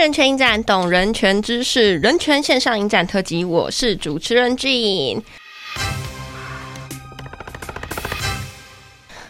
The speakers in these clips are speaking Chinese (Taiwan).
人權影展，懂人權知識，人權線上影展特輯，我是主持人 Jean。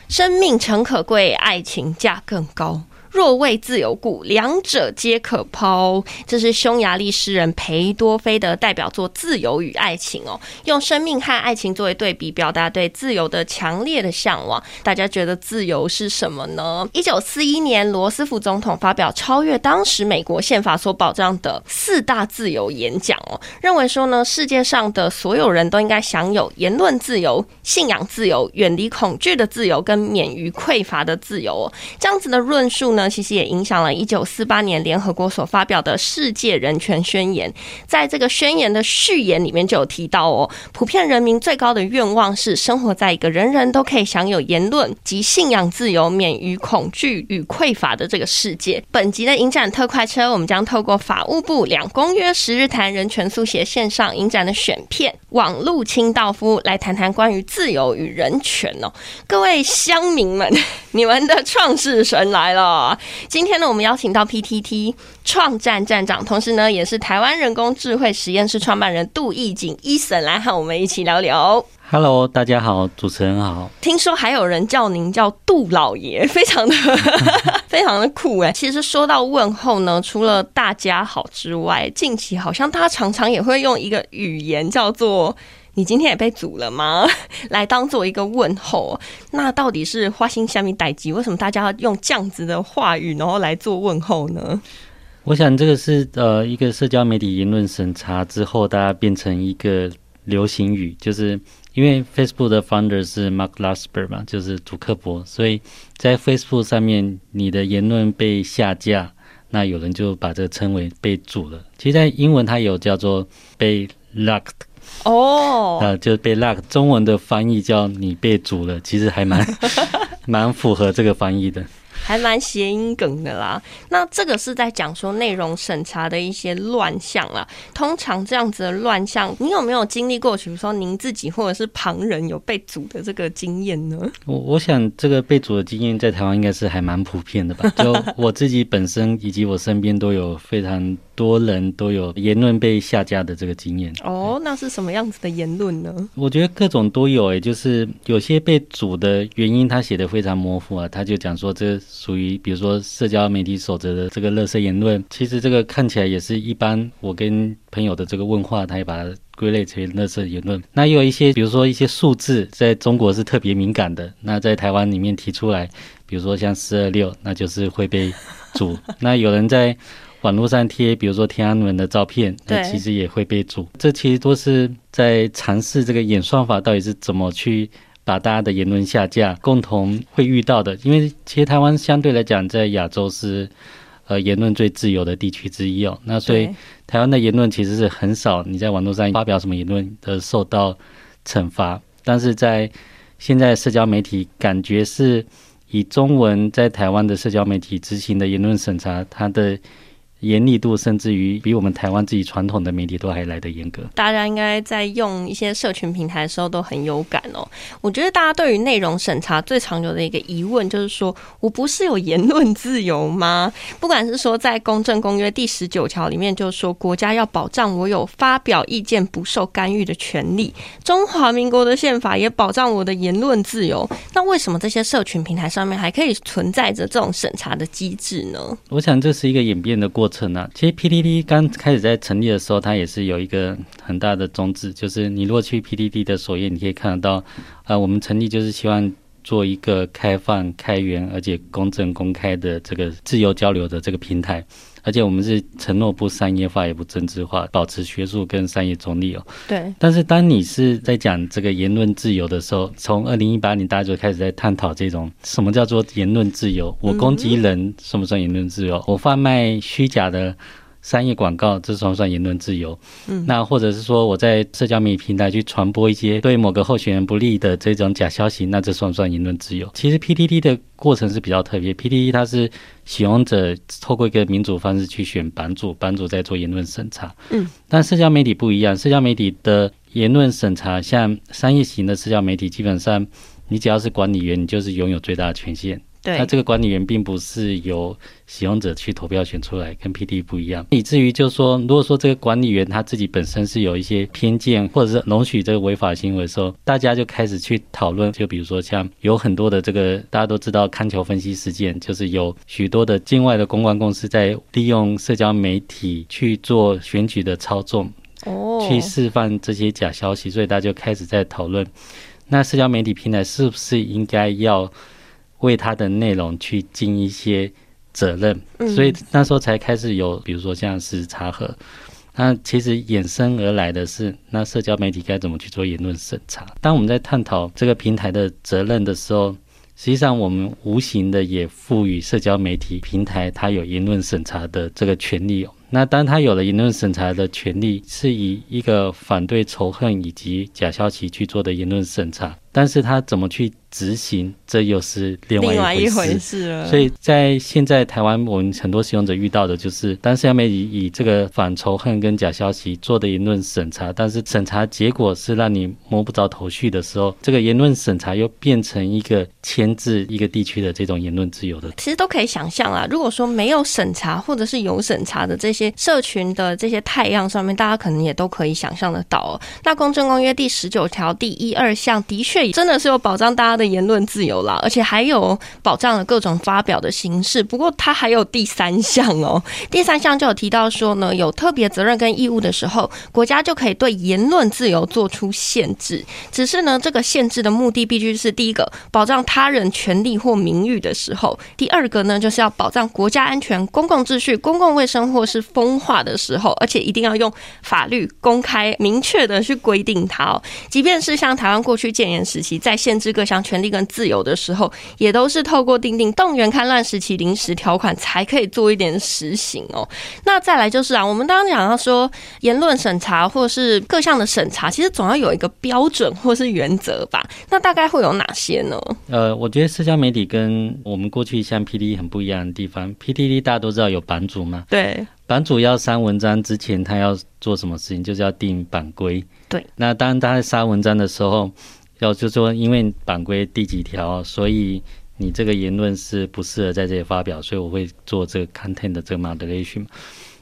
生命誠可貴，愛情價更高，若為自由故，兩者皆可拋。這是匈牙利詩人裴多菲的代表作《自由與愛情》哦，用生命和愛情作為對比，表達對自由的強烈的向往。大家覺得自由是什麼呢？一九四一年，羅斯福總統發表《超越當時美國憲法所保障的四大自由》演講哦，認為說呢，世界上的所有人都應該享有言論自由、信仰自由、遠離恐懼的自由跟免於匱乏的自由哦，這樣子的論述呢，其實也影響了一九四八年聯合國所發表的世界人權宣言，在這個宣言的序言裡面就有提到哦，普遍人民最高的願望是生活在一個人人都可以享有言論及信仰自由、免於恐懼與匱乏的這個世界。本集的影展特快車，我們將透過法務部兩公約十日談人權速寫線上影展的選片。網路清道夫來談談關於自由與人權哦，各位鄉民們，你們的創世神來了！今天呢，我們邀請到 PTT 創站站長，同時呢，也是台灣人工智慧實驗室創辦人杜奕瑾 Eason 來和我們一起聊聊。Hello，大家好，主持人好。聽說還有人叫您叫杜老爺，非常的 非常的酷耶。其實說到問候呢，除了大家好之外，近期好像大家常常也會用一個語言叫做“你今天也被祖了嗎”來當做一個問候。那到底是花生蝦米代誌？為什麼大家要用這樣子的話語然後來做問候呢？我想這個是呃一個社交媒體言論審查之後，大家變成一個流行語，就是。因為 Facebook 的 founder 是 Mark Zuckerberg 嘛，就是祖克伯，所以在 Facebook 上面，你的言論被下架，那有人就把這個稱為被祖了。其實，在英文它有叫做被 locked。哦、oh.，呃，就是被 locked。中文的翻譯叫你被祖了，其實還蠻蠻符合這個翻譯的。還蠻諧音梗的啦，那這個是在講說內容審查的一些亂象啦，通常這樣子的亂象，你有沒有經歷過？比如說您自己或者是旁人有被祖的這個經驗呢？我我想這個被祖的經驗在台灣應該是還蠻普遍的吧。就我自己本身以及我身邊都有非常多人都有言論被下架的這個經驗。哦，那是什麼樣子的言論呢？我覺得各種都有誒、欸，就是有些被祖的原因他寫的非常模糊啊，他就講說這個。屬於比如說社交媒體守則的這個垃圾言論。其實這個看起來也是一般，我跟朋友的這個問話，他也把它歸類成為垃圾言論。那有一些，比如說一些數字在中國是特別敏感的，那在台灣裡面提出來，比如說像四二六，那就是會被祖。 那有人在網絡上貼，比如說天安門的照片，那其實也會被祖。對這其實都是在嘗試這個演算法到底是怎麼去把大家的言論下架，共同會遇到的，因為其實台灣相對來講在亞洲是，呃，言論最自由的地區之一哦。那所以對台灣的言論其實是很少你在網絡上發表什麼言論而受到懲罰，但是在現在社交媒體感覺是以中文在台灣的社交媒體執行的言論審查，它的。嚴厲度甚至於比我們台灣自己傳統的媒體都還來得嚴格。大家應該在用一些社群平台的時候都很有感哦、喔。我覺得大家對於內容審查最常有的一個疑問就是說，我不是有言論自由嗎？不管是說在《公政公約》第十九條裡面，就是說國家要保障我有發表意見不受干預的權利。中華民國的憲法也保障我的言論自由。那為什麼這些社群平台上面還可以存在着這種審查的機制呢？我想這是一個演變的過程。其實 PTT 剛開始在成立的時候，它也是有一個很大的宗旨，就是你如果去 PTT 的首頁，你可以看得到，啊、呃，我們成立就是希望做一個開放、開源，而且公正、公開的這個自由交流的這個平台。而且我們是承諾不商業化，也不政治化，保持學術跟商業中立哦。對。但是當你是在講這個言論自由的時候，從二零一八年大家就開始在探討這種什麼叫做言論自由？我攻擊人算不算言論自由？嗯、我販賣虛假的？商業廣告這算不算言論自由？嗯，那或者是說我在社交媒體平台去傳播一些對某個候選人不利的這種假消息，那這算不算言論自由？其實 PTT 的過程是比較特別，PTT 它是使用者透過一個民主方式去選版主，版主在做言論審查。嗯，但社交媒體不一樣，社交媒體的言論審查，像商業型的社交媒體，基本上你只要是管理員，你就是擁有最大的權限。對那這個管理員並不是由使用者去投票選出來，跟 PTT 不一樣。以至於就是說，如果說這個管理員他自己本身是有一些偏見，或者是容許這個違法行為的時候，大家就開始去討論。就比如說，像有很多的這個大家都知道劍橋分析事件，就是有許多的境外的公關公司在利用社交媒體去做選舉的操縱，哦、去示範這些假消息，所以大家就開始在討論，那社交媒體平台是不是應該要為它的內容去盡一些責任，所以那時候才開始有，比如說像是查核。那其實衍生而來的是，那社交媒體該怎麼去做言論審查？當我們在探討這個平台的責任的時候，實際上我們無形的也賦予社交媒體平台它有言論審查的這個權利。那當它有了言論審查的權利，是以一個反對仇恨以及假消息去做的言論審查。但是他怎麼去執行，這又是另外一回事，另外一回事了。所以在現在台灣，我們很多使用者遇到的就是，但是上面以這個反仇恨跟假消息做的言論審查，但是審查結果是讓你摸不着頭緒的時候，這個言論審查又變成一個牽制一個地區的這種言論自由的。其實都可以想象啊，如果說沒有審查，或者是有審查的這些社群的這些太陽上面，大家可能也都可以想象得到。那《公政公約》第十九條第一二項的確。真的是有保障大家的言論自由啦，而且還有保障了各種發表的形式。不過，它還有第三項哦，第三項就有提到說呢，有特別責任跟義務的時候，國家就可以對言論自由做出限制。只是呢，這個限制的目的必須是第一個，保障他人權利或名譽的時候；第二個呢，就是要保障國家安全、公共秩序、公共衛生或是風化的時候，而且一定要用法律公開明確的去規定它喔。即便是像台灣過去建言，時期在限制各項權利跟自由的時候，也都是透過訂定動員戡亂時期臨時條款才可以做一點實行哦、喔。那再來就是啊，我們剛剛講到說言論審查或是各項的審查，其實總要有一個標準或是原則吧？那大概會有哪些呢？呃，我覺得社交媒體跟我們過去像 PTT 很不一樣的地方，PTT 大家都知道有版主嘛，對，版主要刪文章之前他要做什麼事情，就是要定版規。對，那當他在刪文章的時候。要就是說，因為版規第幾條，所以你這個言論，是不適合在這裡發表，所以我會做這個 content 的這個 moderation。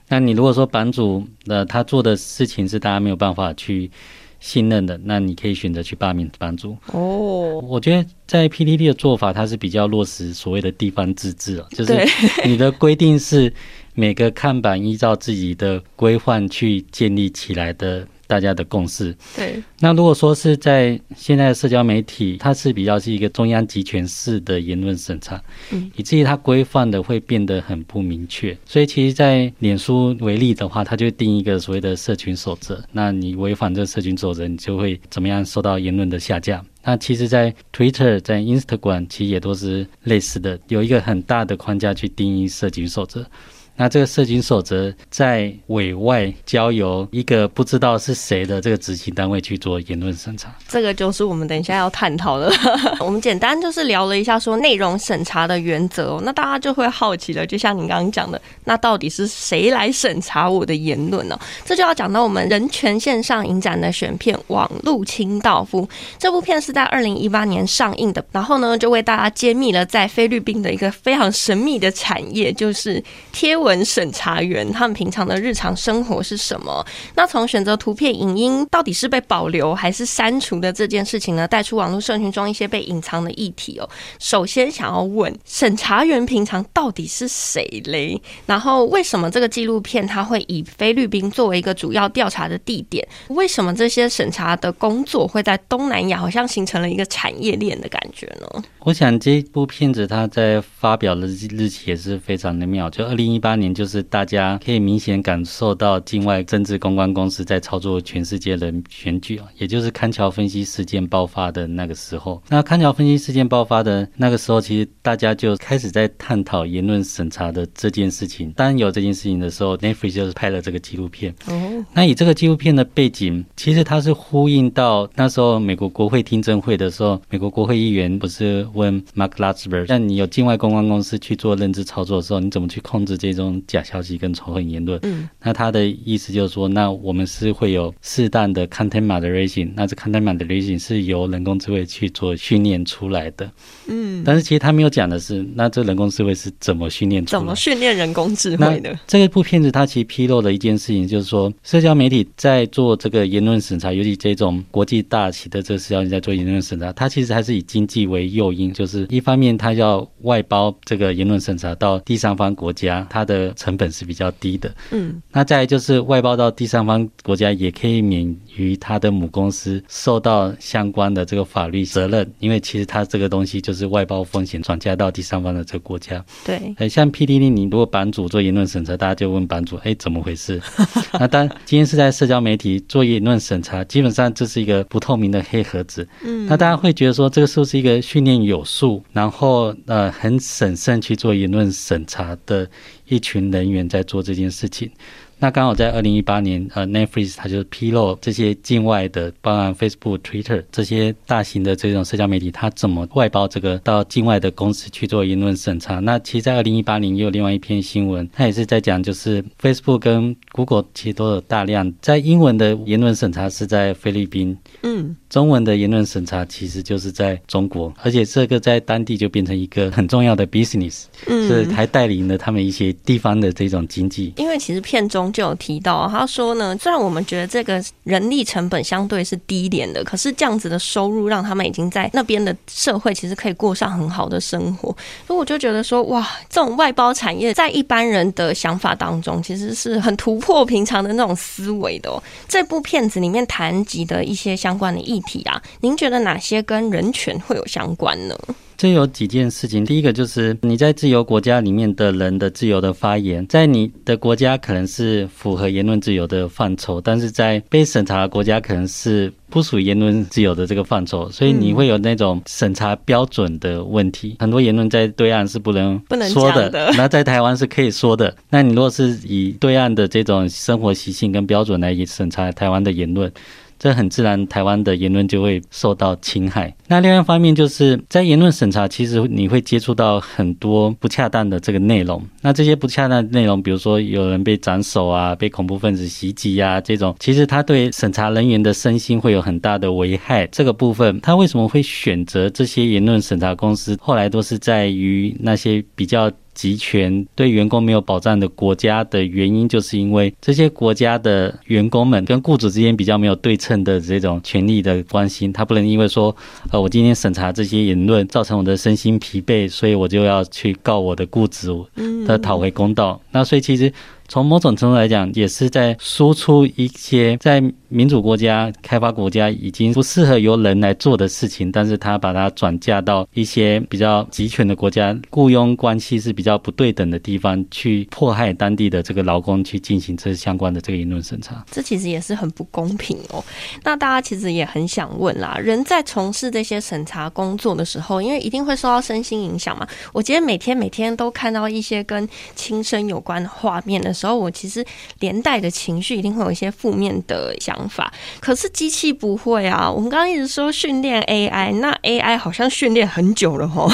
那你如果說版主呃他做的事情是大家沒有辦法去信任的，那你可以選擇去罷免版主。哦，oh. 我覺得在 PTT 的做法，它是比較落實所謂的地方自治啊，就是你的規定是每個看板依照自己的規範去建立起來的。大家的共識。對，那如果說是在現在的社交媒體，它是比較是一個中央集權式的言論審查，嗯，以至於它規範的會變得很不明確。所以其實，在臉書為例的話，它就定義一個所謂的社群守則，那你違反這個社群守則，你就會怎麼樣受到言論的下架？那其實，在 Twitter、在 Instagram，其實也都是類似的，有一個很大的框架去定義社群守則。那這個社群守則在委外交由一個不知道是誰的這個執行單位去做言論審查，這個就是我們等一下要探討的。 我們簡單就是聊了一下說內容審查的原則哦，那大家就會好奇了，就像你剛剛講的，那到底是誰來審查我的言論呢哦？這就要講到我們人權線上影展的選片《網路清道夫》，這部片是在二零一八年上映的，然後呢就為大家揭秘了在菲律賓的一個非常神秘的產業，就是貼文。問審查員他們平常的日常生活是什麼？那從選擇圖片、影音到底是被保留還是刪除的這件事情呢，帶出網絡社群中一些被隱藏的議題哦。首先想要問審查員平常到底是誰嘞？然後為什麼這個紀錄片它會以菲律賓作為一個主要調查的地點？為什麼這些審查的工作會在東南亞好像形成了一個產業鏈的感覺呢？我想這部片子它在發表的日期也是非常的妙，就二零一八年，就是大家可以明顯感受到境外政治公關公司在操作全世界的選舉啊，也就是康橋分析事件爆發的那個時候。那康橋分析事件爆發的那個時候，其實大家就開始在探討言論審查的這件事情。當然有這件事情的時候，Netflix 就是拍了這個紀錄片。嗯、那以這個紀錄片的背景，其實它是呼應到那時候美國國會聽證會的時候，美國國會議員不是。問 Mark Lutsberg，那你有境外公關公司去做認知操作的時候，你怎麼去控制這種假消息跟仇恨言論？嗯，那他的意思就是說，那我們是會有適當的 content moderation，那這 content moderation 是由人工智慧去做訓練出來的。嗯，但是其實他沒有講的是，那這人工智慧是怎麼訓練出來？怎麼訓練人工智慧的？這一部片子它其實披露了一件事情就是說，社交媒體在做這個言論審查，尤其這種國際大企的這個社交媒體在做言論審查，它其實還是以經濟為誘。就是一方面，他要外包這個言論審查到第三方國家，它的成本是比較低的。嗯，那再來就是外包到第三方國家，也可以免於他的母公司受到相關的這個法律責任，因為其實他這個東西就是外包風險轉嫁到第三方的這個國家。對，欸、像 PTT 你如果版主做言論審查，大家就問版主：“哎、欸，怎麼回事？” 那當今天是在社交媒體做言論審查，基本上這是一個不透明的黑盒子。嗯，那大家會覺得說，這個是不是一個訓練營？有數，然後呃，很審慎去做言論審查的一群人員在做這件事情。那剛好在二零一八年，呃，uh，Netflix 它就披露這些境外的，包含 Facebook、Twitter 這些大型的這種社交媒體，它怎麼外包這個到境外的公司去做言論審查。那其實，在二零一八年也有另外一篇新聞，它也是在講，就是 Facebook 跟 Google 其實都有大量在英文的言論審查是在菲律賓，嗯，中文的言論審查其實就是在中國，而且這個在當地就變成一個很重要的 business，嗯，是還帶領了他們一些地方的這種經濟，因為其實片中。就有提到，他說呢，雖然我們覺得這個人力成本相對是低點的，可是這樣子的收入讓他們已經在那邊的社會其實可以過上很好的生活。所以我就覺得說，哇，這種外包產業在一般人的想法當中，其實是很突破平常的那種思維的喔。這部片子裡面談及的一些相關的議題啊，您覺得哪些跟人權會有相關呢？這有幾件事情，第一個就是你在自由國家裡面的人的自由的發言，在你的國家可能是符合言論自由的範疇，但是在被審查的國家可能是不屬於言論自由的這個範疇，所以你會有那種審查標準的問題。嗯，很多言論在對岸是不能不能說的，那在台灣是可以說的。那你如果是以對岸的這種生活習性跟標準來審查台灣的言論。這很自然，台灣的言論就會受到侵害。那另外一方面，就是在言論審查，其實你會接觸到很多不恰當的這個內容。那這些不恰當的內容，比如說有人被斬首啊，被恐怖分子襲擊啊，這種，其實他對審查人員的身心會有很大的危害。這個部分，他為什麼會選擇這些言論審查公司？後來都是在於那些比較。集權對員工沒有保障的國家的原因，就是因為這些國家的員工們跟雇主之間比較沒有對稱的這種權利的關係，他不能因為說，呃，我今天審查這些言論造成我的身心疲憊，所以我就要去告我的雇主，嗯，討回公道。嗯嗯、那所以其實。從某種程度來講，也是在輸出一些在民主國家、開發國家已經不適合由人來做的事情，但是他把它轉嫁到一些比較集權的國家、僱傭關係是比較不對等的地方，去迫害當地的這個勞工，去進行這相關的這個言論審查。這其實也是很不公平哦。那大家其實也很想問啦，人在從事這些審查工作的時候，因為一定會受到身心影響嘛。我覺得每天每天都看到一些跟輕生有關的畫面的時候，時候，我其實連帶的情緒一定會有一些負面的想法。可是機器不會啊！我們剛剛一直說訓練 AI，那 AI 好像訓練很久了齁。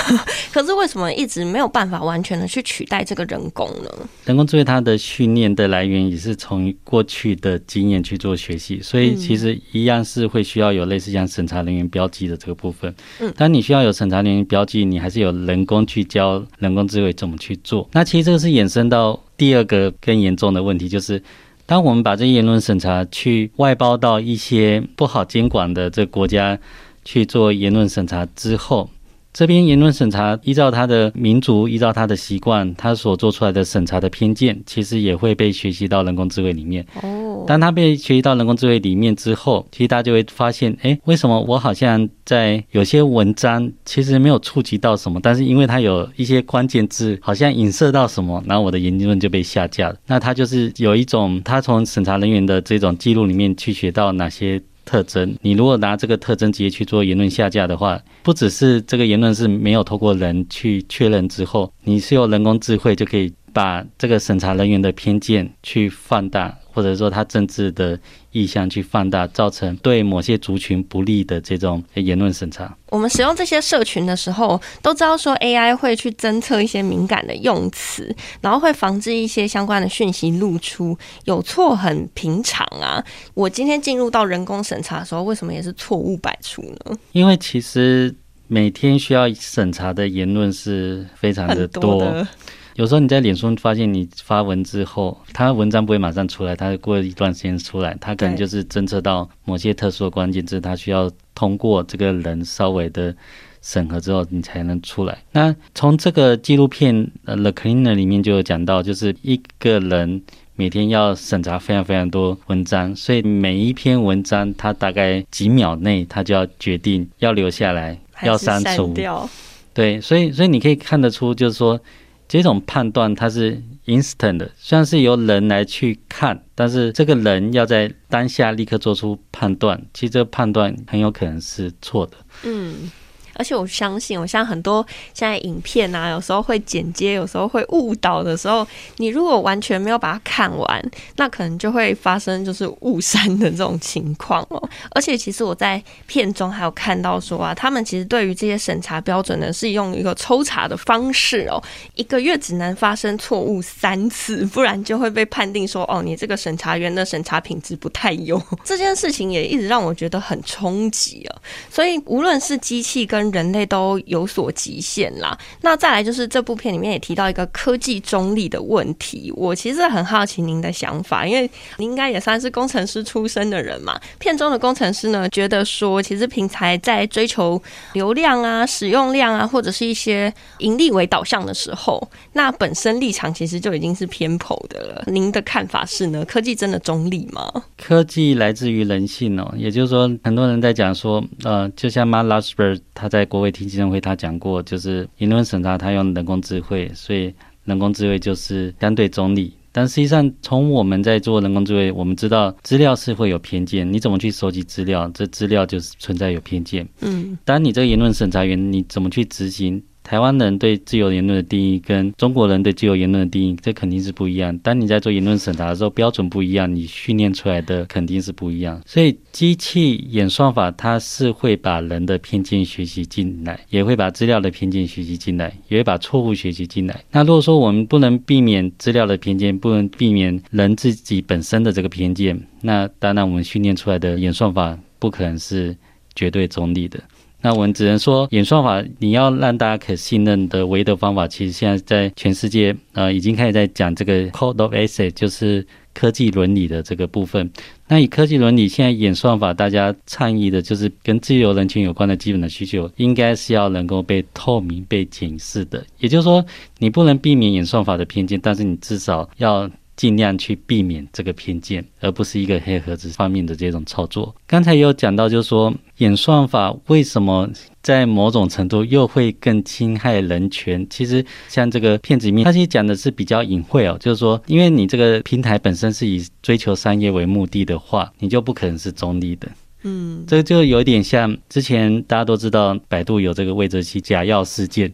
可是為什麼一直沒有辦法完全的去取代這個人工呢？人工智慧它的訓練的來源也是從過去的經驗去做學習，所以其實一樣是會需要有類似像審查人員標記的這個部分。嗯，但你需要有審查人員標記，你還是有人工去教人工智慧怎麼去做。那其實這個是衍生到。第二個更嚴重的問題就是，當我們把這些言論審查去外包到一些不好監管的這個國家去做言論審查之後。這篇言論審查，依照他的民族，依照他的習慣，他所做出來的審查的偏見，其實也會被學習到人工智慧裡面。哦，當他被學習到人工智慧裡面之後，其實大家就會發現，哎，為什麼我好像在有些文章其實沒有觸及到什麼，但是因為它有一些關鍵字，好像影射到什麼，然後我的言論就被下架了。那他就是有一種，他從審查人員的這種記錄裡面去學到哪些特徵，你如果拿這個特徵直接去做言論下架的話，不只是這個言論是沒有透過人去確認之後，你是用人工智慧就可以把這個審查人員的偏見去放大。或者說他政治的意向去放大，造成對某些族群不利的這種言論審查。我們使用這些社群的時候，都知道說 AI 會去偵測一些敏感的用詞，然後會防止一些相關的訊息露出。有錯很平常啊！我今天進入到人工審查的時候，為什麼也是錯誤百出呢？因為其實每天需要審查的言論是非常的多。有時候你在臉書發現你發文之後，他文章不會馬上出來，他過一段時間出來，他可能就是偵測到某些特殊的關鍵字，他對需要通過這個人稍微的審核之後，你才能出來。那從這個紀錄片《呃，The Cleaner》裡面就有講到，就是一個人每天要審查非常非常多文章，所以每一篇文章他大概幾秒內他就要決定要留下來要，要刪除掉。對，所以所以你可以看得出，就是說。這種判斷它是 instant 的，雖然是由人來去看，但是這個人要在當下立刻做出判斷，其實這個判斷很有可能是錯的。嗯。而且我相信，我像很多現在影片啊，有時候會剪接，有時候會誤導的時候，你如果完全沒有把它看完，那可能就會發生就是誤刪的這種情況哦。而且其實我在片中還有看到說啊，他們其實對於這些審查標準呢，是用一個抽查的方式哦，一個月只能發生錯誤三次，不然就會被判定說哦，你這個審查員的審查品質不太優。這件事情也一直讓我覺得很衝擊啊。所以無論是機器跟人類都有所極限啦。那再來就是這部片裡面也提到一個科技中立的問題。我其實很好奇您的想法，因為您應該也算是工程師出身的人嘛。片中的工程師呢，覺得說其實平台在追求流量啊、使用量啊，或者是一些盈利為導向的時候，那本身立場其實就已經是偏頗的了。您的看法是呢？科技真的中立嗎？科技來自於人性哦、喔，也就是說，很多人在講說，呃，就像媽拉斯貝他在國會聽證會，他講過，就是言論審查，他用人工智慧，所以人工智慧就是相對中立。但實際上，從我們在做人工智慧，我們知道資料是會有偏見。你怎麼去收集資料？這資料就是存在有偏見。嗯，當你這個言論審查員，你怎麼去執行？台灣人對自由言論的定義跟中國人對自由言論的定義，這肯定是不一樣。當你在做言論審查的時候，標準不一樣，你訓練出來的肯定是不一樣。所以，機器演算法，它是會把人的偏見學習進來，也會把資料的偏見學習進來，也會把錯誤學習進來。那如果說我們不能避免資料的偏見，不能避免人自己本身的這個偏見，那當然我們訓練出來的演算法，不可能是絕對中立的。那我們只能說，演算法，你要讓大家可信任的唯一的方法，其實現在在全世界，呃，已經開始在講這個 code of ethics，就是科技倫理的這個部分。那以科技倫理現在演算法，大家倡議的就是跟自由人權有關的基本的需求，應該是要能夠被透明、被警示的。也就是說，你不能避免演算法的偏見，但是你至少要。盡量去避免這個偏見，而不是一個黑盒子方面的這種操作。剛才有講到，就是說演算法為什麼在某種程度又會更侵害人權？其實像這個片子裡面，他其實講的是比較隱晦哦，就是說，因為你這個平台本身是以追求商業為目的的話，你就不可能是中立的。嗯，這就有點像之前大家都知道百度有這個魏則西假藥事件，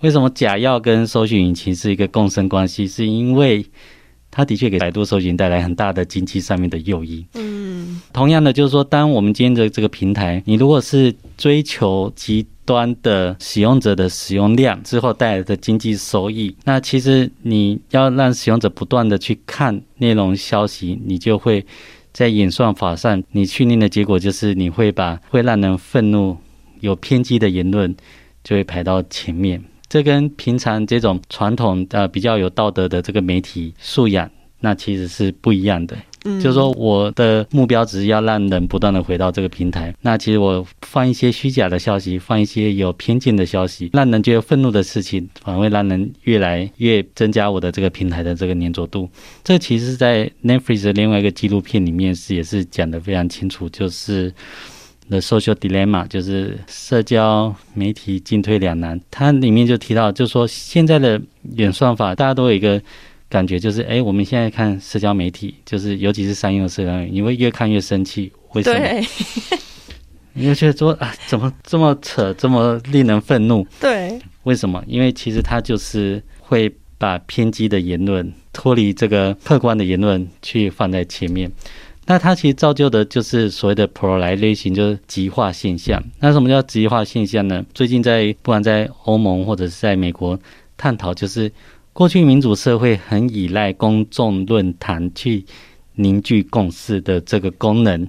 為什麼假藥跟搜尋引擎是一個共生關係？是因為它的確給百度搜尋帶來很大的經濟上面的誘因。嗯，同樣的就是說，當我們今天的這個平台，你如果是追求極端的使用者的使用量之後帶來的經濟收益，那其實你要讓使用者不斷的去看內容消息，你就會在演算法上，你訓練的結果就是你會把會讓人憤怒、有偏激的言論就會排到前面。這跟平常這種傳統呃比較有道德的這個媒體素養，那其實是不一樣的。嗯，就是說我的目標只是要讓人不斷的回到這個平台，那其實我放一些虛假的消息，放一些有偏見的消息，讓人覺得憤怒的事情，反而會讓人越來越增加我的這個平台的這個粘着度。這其實是在 Netflix 的另外一個紀錄片裡面是也是講得非常清楚，就是。The Social Dilemma 就是社交媒體進退兩難，它裡面就提到，就是說現在的演算法，大家都有一個感覺，就是哎，我們現在看社交媒體，就是尤其是商用社交媒體，你會越看越生氣。為什麼？因為對 覺得說啊、哎，怎麼這麼扯，這麼令人憤怒？對，為什麼？因為其實它就是會把偏激的言論脫離這個客觀的言論去放在前面。那它其實造就的就是所謂的 pro 萊類型，就是極化現象。那什麼叫極化現象呢？最近在不管在歐盟或者是在美國探討，就是過去民主社會很依賴公眾論壇去凝聚共識的這個功能，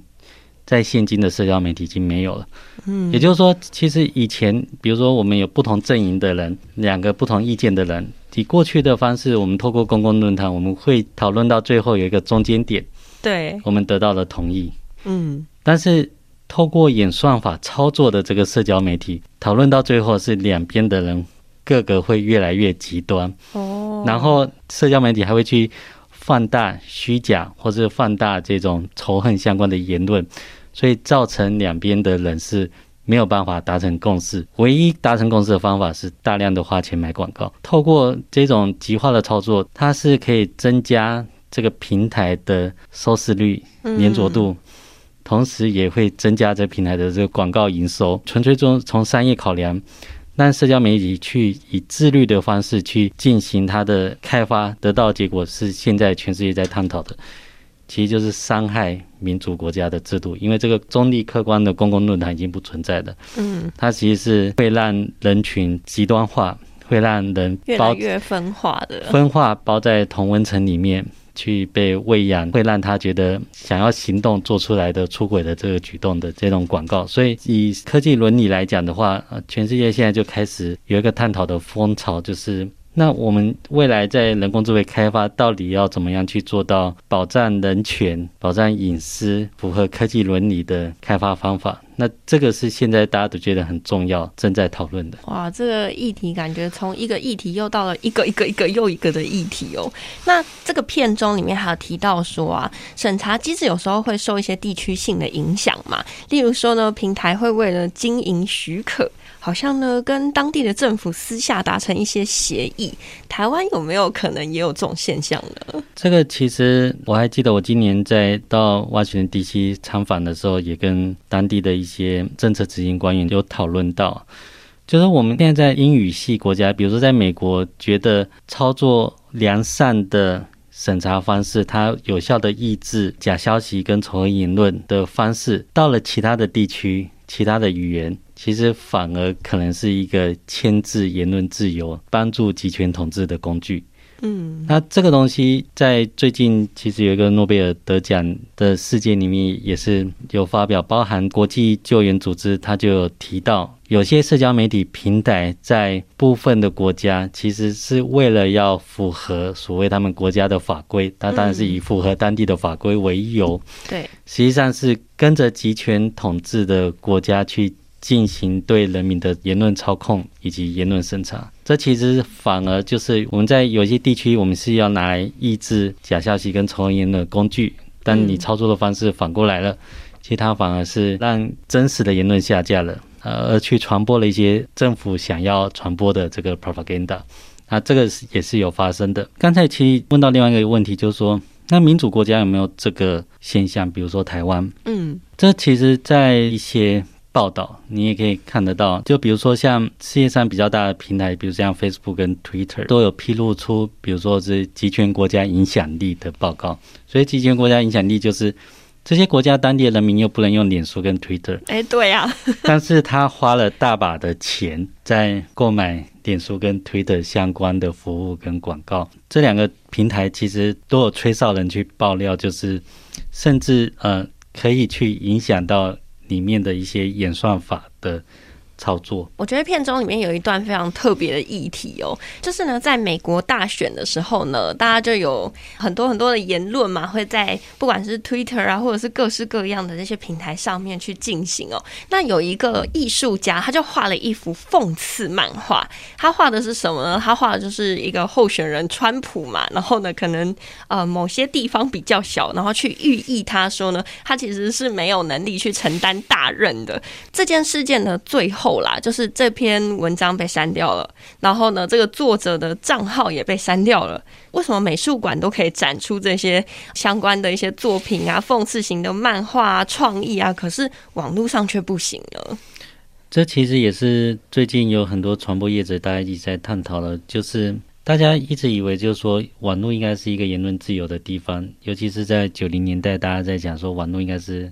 在現今的社交媒體已經沒有了。嗯，也就是說，其實以前比如說我們有不同陣營的人，兩個不同意見的人，以過去的方式，我們透過公共論壇，我們會討論到最後有一個中間點。對，我們得到了同意。嗯，但是透過演算法操作的這個社交媒體，討論到最後是兩邊的人各個會越來越極端。哦，然後社交媒體還會去放大虛假，或是放大這種仇恨相關的言論，所以造成兩邊的人是沒有辦法達成共識。唯一達成共識的方法是大量的花錢買廣告。透過這種極化的操作，它是可以增加，這個平台的收視率、粘着度，嗯、同時也會增加這平台的這個廣告營收。純粹從從商業考量，讓社交媒體去以自律的方式去進行它的開發，得到的結果是現在全世界在探討的，其實就是傷害民主國家的制度。因為這個中立客觀的公共論壇已經不存在了。嗯，它其實是會讓人群極端化，會讓人包越來越分化的分化包在同溫層裡面。去被餵養，會讓他覺得想要行動，做出來的出軌的這個舉動的這種廣告，所以以科技倫理來講的話，啊，全世界現在就開始有一個探討的風潮，就是。那我們未來在人工智慧開發到底要怎麼樣去做到保障人權、保障隱私、符合科技倫理的開發方法？那這個是現在大家都覺得很重要、正在討論的。哇，這個議題感覺從一個議題又到了一個一個一個又一個的議題哦。那這個片中裡面還有提到說啊，審查機制有時候會受一些地區性的影響嘛，例如說呢，平台會為了經營許可。好像呢，跟當地的政府私下達成一些協議。台灣有沒有可能也有這種現象呢？這個其實我還記得，我今年在到華盛頓 DC 地區參訪的時候，也跟當地的一些政策執行官員有討論到，就是我們現在在英語系國家，比如說在美國，覺得操作良善的審查方式，它有效的抑制假消息跟仇恨言論的方式，到了其他的地區，其他的語言。其實反而可能是一個牽制言論自由、幫助極權統治的工具。嗯，那這個東西在最近其實有一個諾貝爾得獎的事件裡面也是有發表，包含國際救援組織，它就有提到，有些社交媒體平台在部分的國家，其實是為了要符合所謂他們國家的法規，他當然是以符合當地的法規為由。嗯、對，實際上是跟着極權統治的國家去，進行對人民的言論操控以及言論審查，這其實反而就是我們在有些地區，我們是要拿來抑制假消息跟謠言的工具。但你操作的方式反過來了，其實它反而是讓真實的言論下架了，呃，而去傳播了一些政府想要傳播的這個 propaganda，啊。那這個也是有發生的。剛才其實問到另外一個問題，就是說，那民主國家有沒有這個現象？比如說台灣，嗯，這其實，在一些報道，你也可以看得到。就比如說，像世界上比較大的平台，比如像 Facebook 跟 Twitter，都有披露出，比如說是極權國家影響力的報告。所以，極權國家影響力就是這些國家當地的人民又不能用臉書跟 Twitter。哎，對呀。但是他花了大把的錢在購買臉書跟 Twitter 相關的服務跟廣告。這兩個平台其實都有吹哨人去爆料，就是甚至呃可以去影響到。裡面的一些演算法的。操作，我覺得片中裡面有一段非常特別的議題哦，就是呢，在美國大選的時候呢，大家就有很多很多的言論嘛，會在不管是 Twitter 啊，或者是各式各樣的這些平台上面去進行哦。那有一個藝術家，他就畫了一幅諷刺漫畫，他畫的是什麼呢？他畫的就是一個候選人川普嘛，然後呢，可能呃某些地方比較小，然後去寓意他說呢，他其實是沒有能力去承擔大任的。這件事件的最後。啦，就是這篇文章被刪掉了，然後呢，這個作者的賬號也被刪掉了。為什麼美術館都可以展出這些相關的一些作品啊，諷刺型的漫畫啊，創意啊，可是網絡上卻不行呢？這其實也是最近有很多傳播業者大家一直在探討的，就是大家一直以為，就是說網絡應該是一個言論自由的地方，尤其是在九零年代，大家在講說網絡應該是。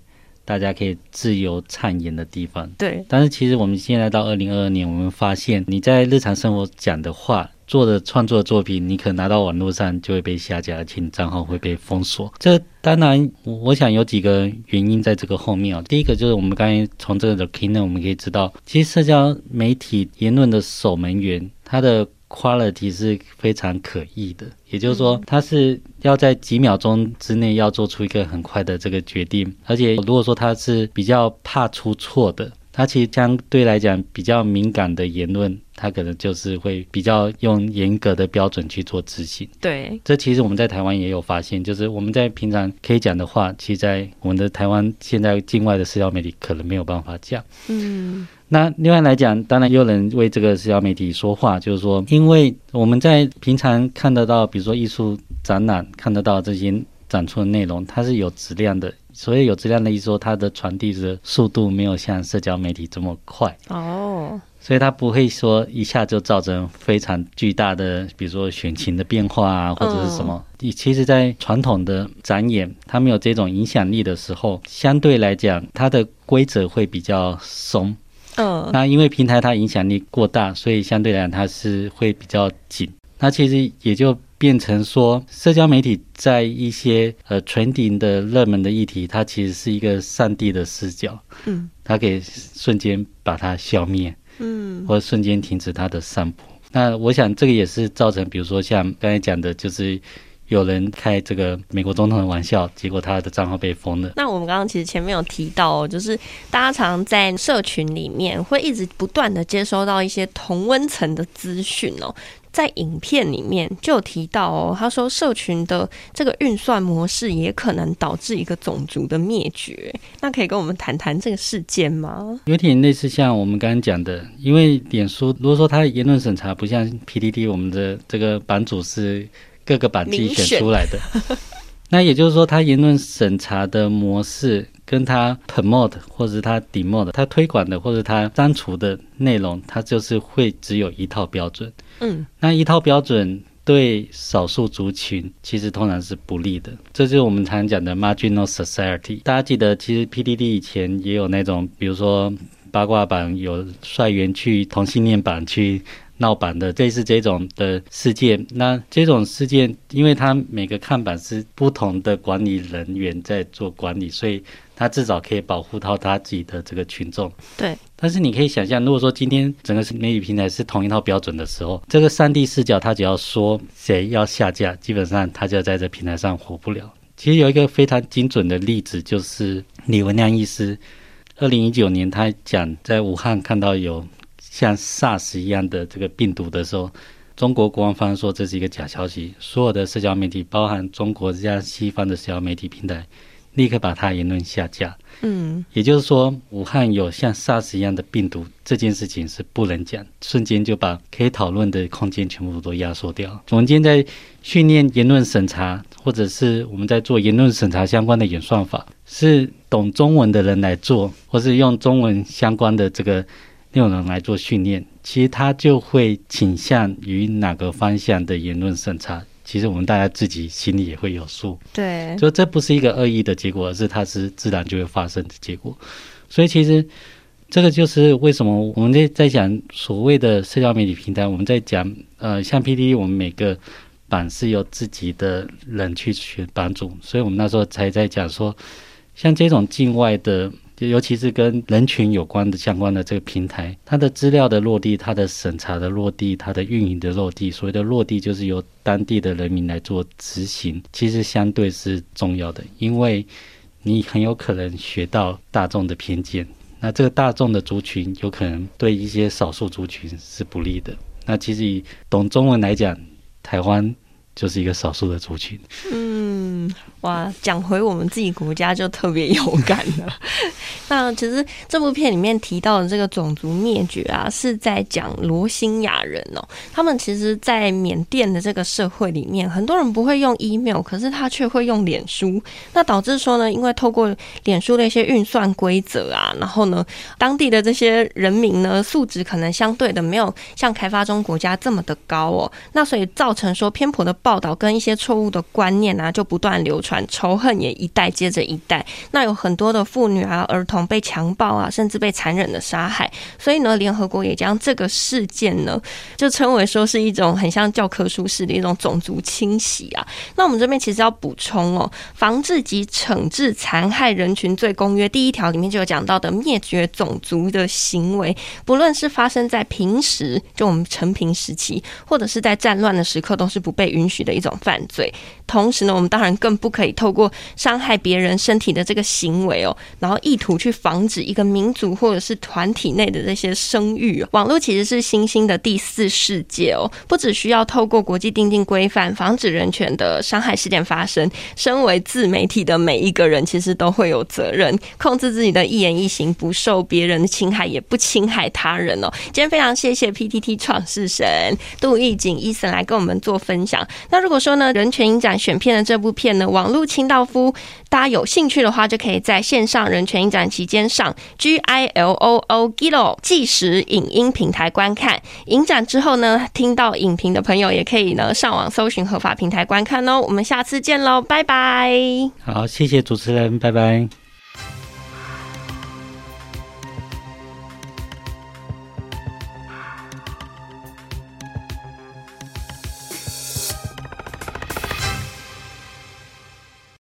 大家可以自由暢言的地方，對。但是其實我們現在到二零二二年，我們發現你在日常生活講的話、做的創作的作品，你可能拿到網絡上就會被下架，而且你賬號會被封鎖。這當然，我想有幾個原因在這個後面啊。第一個就是我們剛才從這個 the keynote，我們可以知道，其實社交媒體言論的守門員，他的。Quality 是非常可疑的，也就是說，它是要在幾秒鐘之內要做出一個很快的這個決定，而且如果說它是比較怕出錯的，它其實相對來講比較敏感的言論。他可能就是會比較用嚴格的標準去做執行。對，這其實我們在台灣也有發現，就是我們在平常可以講的話，其實在我們的台灣現在境外的社交媒體可能沒有辦法講。嗯，那另外來講，當然有人為這個社交媒體說話，就是說，因為我們在平常看得到，比如說藝術展覽看得到這些展出的內容，它是有質量的，所以有質量的意思，說它的傳遞的速度沒有像社交媒體這麼快。哦。所以它不會說一下就造成非常巨大的，比如說選情的變化啊，或者是什麼。你其實，在傳統的展演，它沒有這種影響力的時候，相對來講，它的規則會比較鬆。嗯，那因為平台它影響力過大，所以相對來講，它是會比較緊。那其實也就變成說，社交媒體在一些呃 trending 的熱門的議題，它其實是一個上帝的視角，嗯，它可以瞬間把它消滅。嗯，或瞬間停止它的散播。那我想，這個也是造成，比如說像剛才講的，就是。有人開這個美國總統的玩笑，結果他的賬號被封了。那我們剛剛其實前面有提到哦、喔，就是大家常在社群裡面會一直不斷的接收到一些同溫層的資訊哦。在影片裡面就有提到哦、喔，他說社群的這個運算模式也可能導致一個種族的滅絕、欸。那可以跟我們談談這個事件嗎？有點類似像我們剛剛講的，因為臉書，如果說他的言論審查不像 PTT，我們的這個版主是。各個版自己選出來的，明選 那也就是說，他言論審查的模式，跟他 promote 或者他 demote，他推廣的或者他刪除的內容，他就是會只有一套標準。嗯，那一套標準對少數族群其實通常是不利的，這就是我們常講的 marginal society。大家記得，其實 PTT 以前也有那種，比如說八卦版有帥員去同性戀版去。鬧版的，這是這種的事件。那這種事件，因為他每個看板是不同的管理人員在做管理，所以他至少可以保護到他自己的這個群眾。對。但是你可以想象，如果說今天整個媒體平台是同一套標準的時候，這個上帝視角，他只要說誰要下架，基本上他就在這平台上活不了。其實有一個非常精準的例子，就是李文亮醫師，二零一九年他講在武漢看到有。像 SARS 一樣的這個病毒的時候，中國官方說這是一個假消息，所有的社交媒體，包含中國加西方的社交媒體平台，立刻把它言論下架。嗯，也就是說，武漢有像 SARS 一樣的病毒這件事情是不能講，瞬間就把可以討論的空間全部都壓縮掉。我們今天在訓練言論審查，或者是我們在做言論審查相關的演算法，是懂中文的人來做，或是用中文相關的這個。那種人來做訓練，其實他就會傾向於哪個方向的言論審查。其實我們大家自己心裡也會有數。對，就這不是一個惡意的結果，而是它是自然就會發生的結果。所以其實這個就是為什麼我們在在講所謂的社交媒體平台，我們在講呃，像 PTT 我們每個版是由自己的人去選版主，所以我們那時候才在講說，像這種境外的。就尤其是跟人權有關的相關的這個平台，它的資料的落地，它的審查的落地，它的運營的落地，所謂的落地就是由當地的人民來做執行，其實相對是重要的，因為你很有可能學到大眾的偏見，那這個大眾的族群有可能對一些少數族群是不利的。那其實以懂中文來講，台灣。就是一個少數的族群。嗯，哇，講回我們自己國家就特別有感了。 那其實這部片裡面提到的這個種族滅絕啊，是在講羅興亞人喔。他們其實，在緬甸的這個社會裡面，很多人不會用 email，可是他卻會用臉書。那導致說呢，因為透過臉書的一些運算規則啊，然後呢，當地的這些人民呢，素質可能相對的沒有像開發中國家這麼的高喔。那所以造成說偏頗的報道跟一些錯誤的觀念啊，就不斷流傳，仇恨也一代接着一代。那有很多的婦女啊、兒童被強暴啊，甚至被殘忍的殺害。所以呢，聯合國也將這個事件呢，就稱為說是一種很像教科書式的一種種族清洗啊。那我們這邊其實要補充哦，《防治及懲治殘害人群罪公約》第一條裡面就有講到的滅絕種族的行為，不論是發生在平時，就我們和平時期，或者是在戰亂的時刻，都是不被允許的一種犯罪。同時呢，我們當然更不可以透過傷害別人身體的這個行為哦，然後意圖去防止一個民族或者是團體內的這些聲譽哦。網絡其實是新興的第四世界哦，不只需要透過國際訂定規範防止人權的傷害事件發生。身為自媒體的每一個人，其實都會有責任控制自己的一言一行，不受別人的侵害，也不侵害他人哦。今天非常謝謝 PTT 創世神杜奕瑾醫生來跟我們做分享。那如果說呢，人權影展，選片的這部片呢，《網路清道夫》，大家有興趣的話，就可以在線上人權影展期間上 G I L O O Giloo 紀實影音平台觀看。影展之後呢，聽到影評的朋友也可以呢，上網搜尋合法平台觀看哦。我們下次見嘍，拜拜。好，謝謝主持人，拜拜。